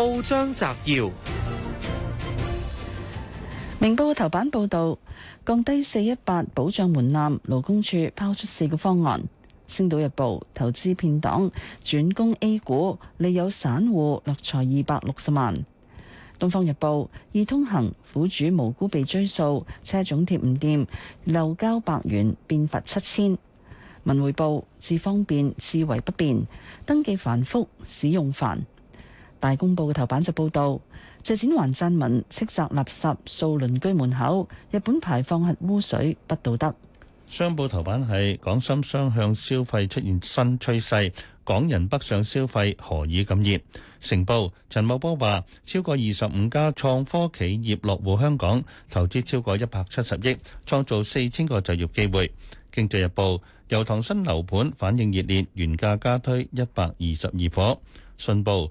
報章摘要：明報頭版報道，降低四一八保障門檻，勞工處拋出四個方案。星島日報，投資騙黨轉攻 A 股，利有散戶落財二百六十萬。東方日報，易通行苦主無辜被追數，車總貼唔掂，漏交百元，變罰七千。文匯報，至方便至為不便，登記繁複，使用繁。大公報嘅頭版就報道，謝展寰撰文「斥責垃，垃圾掃鄰居門口，日本排放核污水不道德」。商報頭版係港深雙向消費出現新趨勢，港人北上消費何以咁熱？成報陳茂波話，超過二十五家創科企業落戶香港，投資超過一百七十億，創造四千個就業機會。經濟日報，油塘新樓盤反應熱烈，原價加推一百二十二伙。信報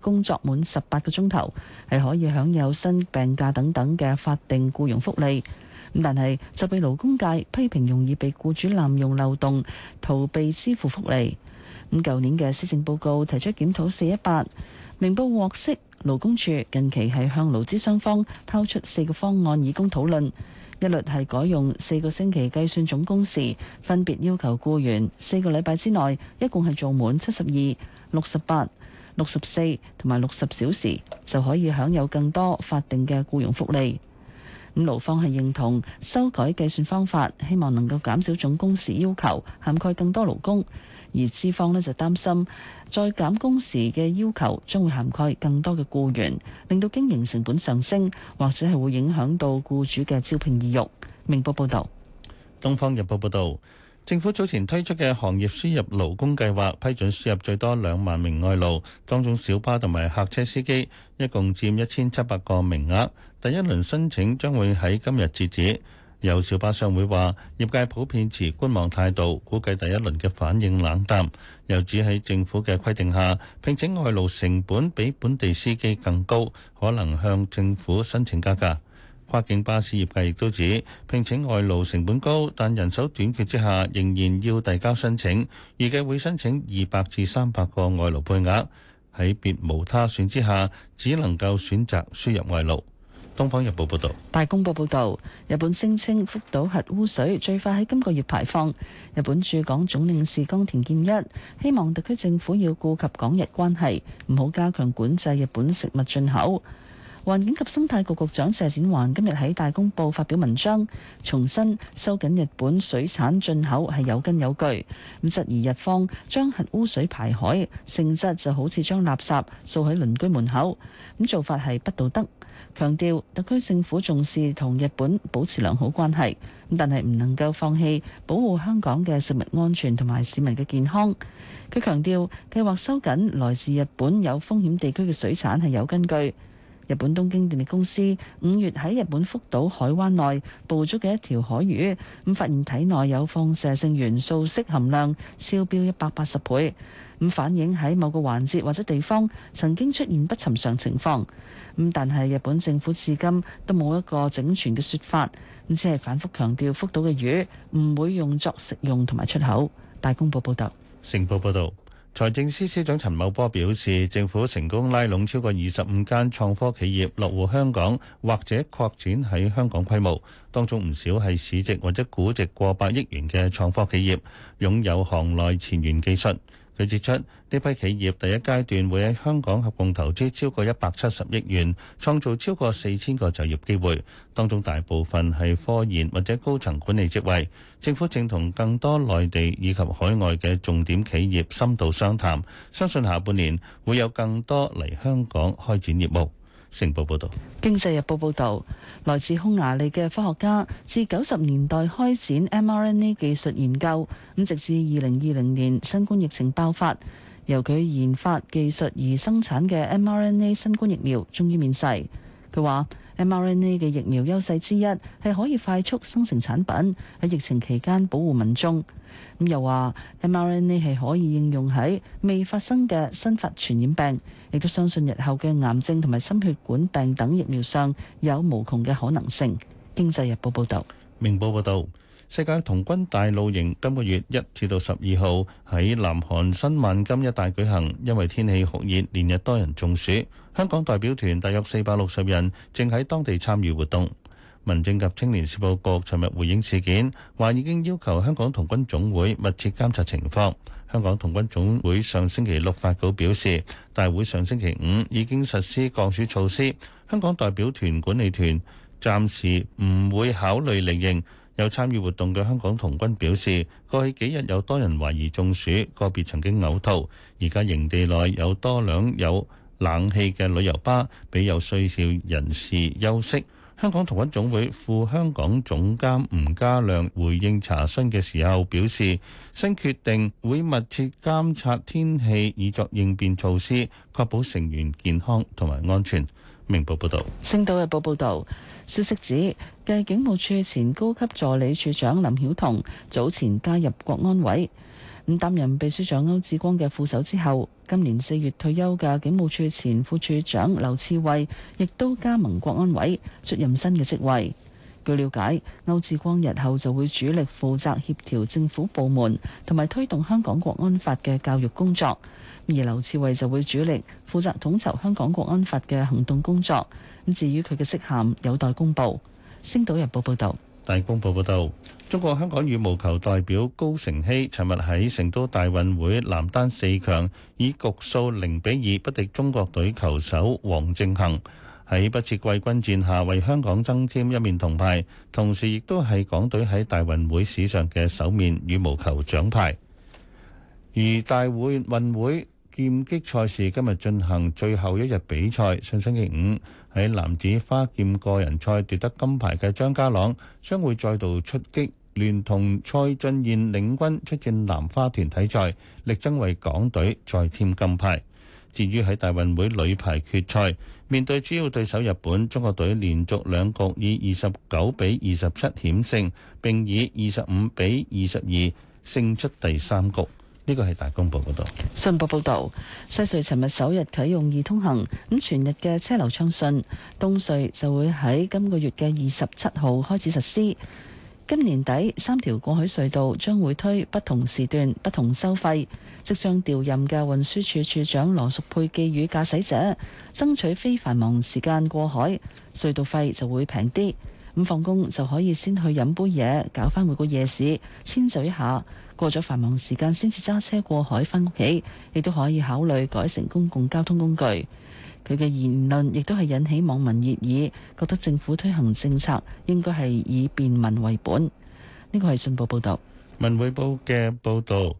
工作滿十八個鐘頭係可以享有新病假等等嘅法定僱傭福利，咁但係就被勞工界批評容易被僱主濫用漏洞，逃避支付福利。咁舊年嘅施政報告提出檢討四一八，明報獲悉，勞工處近期係向勞資雙方拋出四個方案以供討論，一律係改用四個星期計算總工時，分別要求僱員四個禮拜之內一共係做滿七十二、六十八、六十四同埋六十小時就可以享有更多法定嘅雇傭福利。咁勞方係認同修改計算方法，希望能夠減少總工時要求，涵蓋更多勞工。而資方呢，就擔心，再減工時嘅要求將會涵蓋更多嘅雇員，令到經營成本上升，或者係會影響到雇主嘅招聘意欲。明報報道。東方日報報道。政府早前推出嘅行業輸入勞工計劃，批准輸入最多兩萬名外勞，當中小巴同埋客車司機一共佔一千七百個名額，第一輪申請將會喺今日截止。有小巴商會話業界普遍持觀望態度，估計第一輪嘅反應冷淡。又指喺政府嘅規定下，聘請外勞成本比本地司機更高，可能向政府申請加價。跨境巴士業界亦都指，聘請外勞成本高，但人手短缺之下，仍然要遞交申請，預計會申請二百至三百個外勞配額。喺別無他選之下，只能夠選擇輸入外勞。《東方日報》報道。《大公報》報道，日本聲稱福島核污水最快喺今個月排放。日本駐港總領事岡田健一希望特區政府要顧及港日關係，唔好加強管制日本食物進口。環境及生態局局長謝展環今日喺《大公報》發表文章，重申收緊日本水產進口係有根有據。質疑日方將核污水排海，性質就好似將垃圾掃喺鄰居門口，咁做法係不道德。強調特區政府重視同日本保持良好關係，但係唔能夠放棄保護香港嘅食物安全同埋市民嘅健康。佢強調計劃收緊來自日本有風險地區嘅水產係有根據。日本東京電力公司五月喺日本福島海灣內捕捉嘅一條海魚，咁發現體內有放射性元素銫含量超標一百八十倍，咁反映喺某個環節或者地方曾經出現不尋常情況。咁但係日本政府至今都冇一個整全嘅説法，咁只係反覆強調福島嘅魚唔會用作食用同埋出口。大公報報道。成報報導。財政司司長陳茂波表示，政府成功拉攏超過二十五間創科企業落戶香港，或者擴展喺香港規模，當中唔少係市值或者估值過百億元嘅創科企業，擁有行內前沿技術。佢指出，呢批企業第一階段會喺香港合共投資超過一百七十億元，創造超過四千個就業機會，當中大部分係科研或者高層管理職位。政府正同更多內地以及海外嘅重點企業深度商談，相信下半年會有更多嚟香港開展業務。星報報道，經濟日報報道，來自匈牙利嘅科學家，自九十年代開展 mRNA 技術研究，咁直至二零二零年新冠疫情爆發，由佢研發技術而生產嘅 mRNA 新冠疫苗終於面世。佢話。mRNA 嘅疫苗優勢之一係可以快速生成產品，喺疫情期間保護民眾。咁又話 mRNA 係可以應用喺未發生嘅新發傳染病，亦都相信日後嘅癌症同埋心血管病等疫苗上有無窮嘅可能性。經濟日報報導，明報報導，世界童軍大露營今個月一至到十二號喺南韓新萬金一帶舉行，因為天氣酷熱，連日多人中暑。香港代表團大約四百六十人正喺當地參與活動，民政及青年事務局尋日回應事件，話已經要求香港童軍總會密切監察情況。香港童軍總會上星期六發稿表示，大會上星期五已經實施降暑措施。香港代表團管理團暫時唔會考慮離營。有參與活動嘅香港童軍表示，過去幾日有多人懷疑中暑，個別曾經嘔吐，而家營地內有多兩有冷氣嘅旅遊巴俾有需要人士休息。香港童軍總會副香港總監吳家亮回應查詢嘅時候表示，新決定會密切監察天氣，以作應變措施，確保成員健康同埋安全。明報報道。《星島日報》報道：消息指，繼警務處前高級助理處長林曉彤早前加入國安委，擔任秘書長歐志光嘅副手之後，今年四月退休嘅警務處前副處長劉賜蕙，亦都加盟國安委，出任新嘅職位。據了解，歐志光日後就會主力負責協調政府部門，同埋推動香港國安法嘅教育工作。而劉賜蕙就會主力負責統籌香港國安法嘅行動工作。咁至於佢嘅職銜有待公佈。星島日報報導。大公報報導，中國香港羽毛球代表高成希尋日喺成都大運會男單四強，以局數零比二不敵中國隊球手黃正恒，喺不設季軍戰下為香港增添一面銅牌，同時亦都係港隊喺大運會史上嘅首面羽毛球獎牌。而大會運會。劍擊賽事今日進行最後一日比賽，上星期五喺男子花劍個人賽奪得金牌嘅張家朗將會再度出擊，聯同蔡俊彥領軍出戰男花團體賽，力爭為港隊再添金牌。至於喺大運會女排決賽面對主要對手日本，中國隊連續兩局以二十九比二十七險勝，並以二十五比二十二勝出第三局。呢個係大公報嗰度。信報報導，西隧尋日首日啟用易通行，咁全日嘅車流暢順。東隧就會喺今個月嘅二十七號開始實施。今年底三條過海隧道將會推不同時段不同收費。即將調任嘅運輸處處長羅淑佩寄語駕駛者，爭取非繁忙時間過海隧道費就會平啲，咁放工就可以先去飲杯嘢，搞返每個夜市，遷就一下。過咗繁忙時間，先至揸車過海返屋企，亦都可以考慮改乘公共交通工具。佢嘅言論亦都係引起網民熱議，覺得政府推行政策應該係以便民為本。呢個係信報報道，文匯報嘅報道。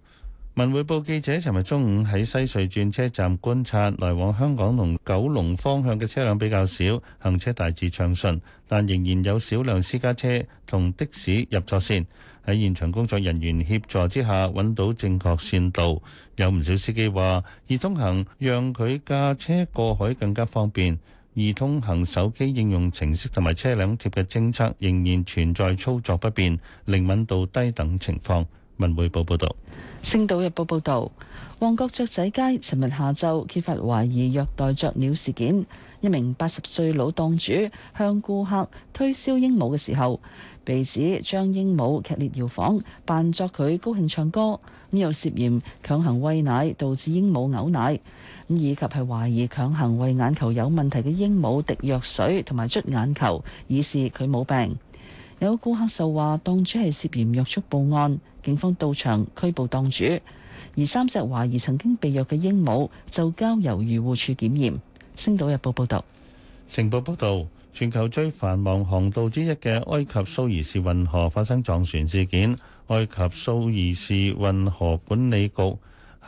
文匯報記者尋日中午喺西隧轉車站觀察，來往香港同九龍方向嘅車輛比較少，行車大致暢順，但仍然有少量私家車同的士入錯線。喺現場工作人員協助之下，揾到正確線道。有唔少司機話，易通行讓佢駕車過海更加方便。易通行手機應用程式同埋車輛貼嘅政策仍然存在操作不便、靈敏度低等情況。文匯報報道。星島日報報道，旺角雀仔街尋日下晝揭發懷疑虐待雀鳥事件，一名八十歲老檔主向顧客推銷鸚鵡嘅時候，被指將鸚鵡劇烈搖晃，扮作佢高興唱歌，咁又涉嫌強行喂奶，導致鸚鵡嘔奶，咁以及係懷疑強行為眼球有問題嘅鸚鵡滴藥水同埋捽眼球，以示佢冇病。有顧客就話，檔主係涉嫌虐畜報案，警方到場拘捕檔主，而三隻懷疑曾經被虐嘅鸚鵡就交由漁護處檢驗。星島日報報道。成報報道，全球最繁忙航道之一嘅埃及蘇伊士運河發生撞船事件，埃及蘇伊士運河管理局，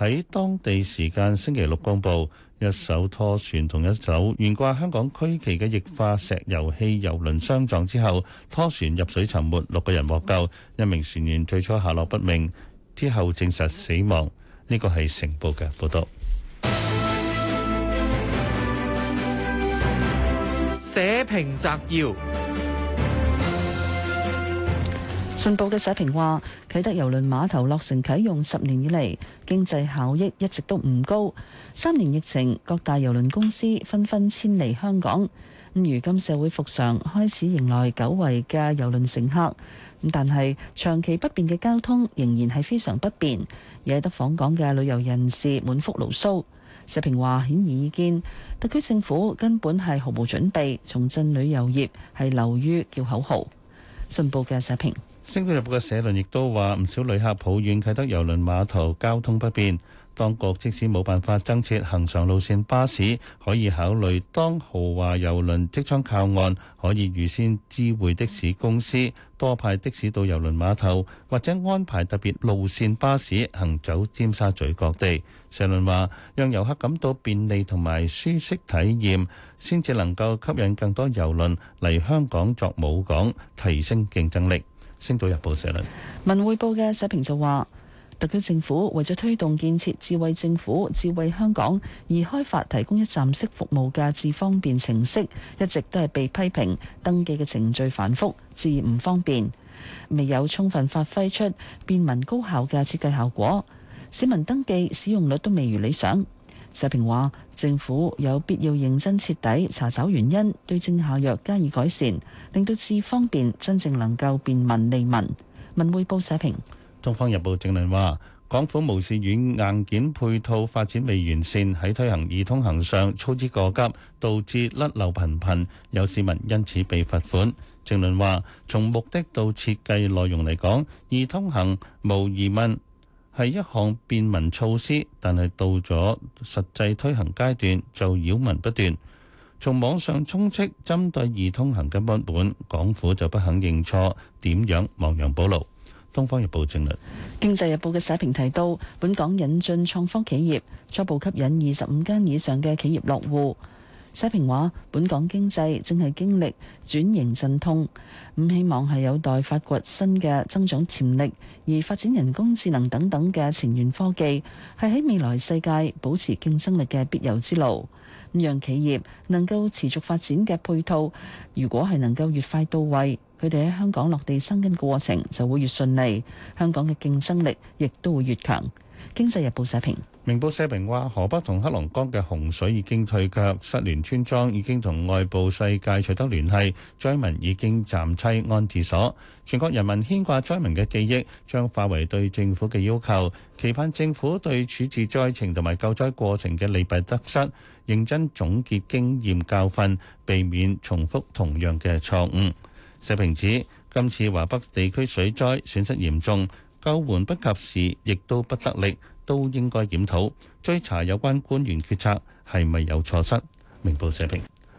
喺當地時間星期六公佈，一艘拖船同一艘懸掛香港區旗嘅液化石油氣郵輪相撞之後，拖船入水沉沒，六個人獲救，一名船員最初下落不明，之後證實死亡。呢個係成報嘅報道。社評摘要。信報嘅社評話：啟德郵輪碼頭落成啟用十年以嚟，經濟效益一直都唔高。三年疫情，各大郵輪公司紛紛遷離香港。如今社會復常，開始迎來久違嘅郵輪乘客。但係長期不變嘅交通仍然係非常不便，惹得訪港嘅旅遊人士滿腹牢騷。社評話：顯而易見，特區政府根本係毫無準備，重振旅遊業係流於叫口號。信報嘅社評。《星島日報》嘅社論亦都話，唔少旅客抱怨啟德郵輪碼頭交通不便。當局即使冇辦法增設行上路線巴士，可以考慮當豪華郵輪即將靠岸，可以預先知會的士公司，多派的士到郵輪碼頭，或者安排特別路線巴士行走尖沙咀各地。社論話，讓遊客感到便利同埋舒適體驗，先至能夠吸引更多郵輪嚟香港作母港，提升競爭力。星島日報》社論，《文匯報》嘅社評就話，特區政府為咗推動建設智慧政府、智慧香港而開發提供一站式服務嘅智方便程式，一直都係被批評登記嘅程序繁複，智唔方便，未有充分發揮出便民高效嘅設計效果，市民登記使用率都未如理想。社評話：政府有必要認真徹底查找原因，對症下藥加以改善，令到事方便真正能夠便民利民。文匯報社評，《東方日報》正論話：港府無視軟硬件配套發展未完善，喺推行易通行上操之過急，導致甩漏頻頻，有市民因此被罰款。正論話：從目的到設計內容嚟講，易通行無疑問。係一項便民措施，但係到咗實際推行階段就擾民不斷。從網上充斥針對易通行嘅版本，港府就不肯認錯，點樣亡羊補牢？《東方日報》正論，《經濟日報》嘅社評提到，本港引進創科企業，初步吸引二十五間以上嘅企業落戶。社評話：本港經濟正係經歷轉型陣痛，唔希望係有待發掘新嘅增長潛力，而發展人工智能等等嘅前沿科技，係喺未來世界保持競爭力嘅必由之路。咁讓企業能夠持續發展嘅配套，如果係能夠越快到位，佢哋喺香港落地生根嘅過程就會越順利，香港嘅競爭力亦都會越強。經濟日報社評。明報社評話：河北同黑龍江嘅洪水已經退卻，失聯村莊已經同外部世界取得聯繫，災民已經暫棲安置所。全國人民牽掛災民嘅記憶，將化為對政府嘅要求，期盼政府對處置災情同埋救災過程嘅利弊得失，認真總結經驗教訓，避免重複同樣嘅錯誤。社評指，今次華北地區水災損失嚴重，救援不及時，亦都不得力。都應該檢討追查有關官員決策係咪有錯失。明報社評。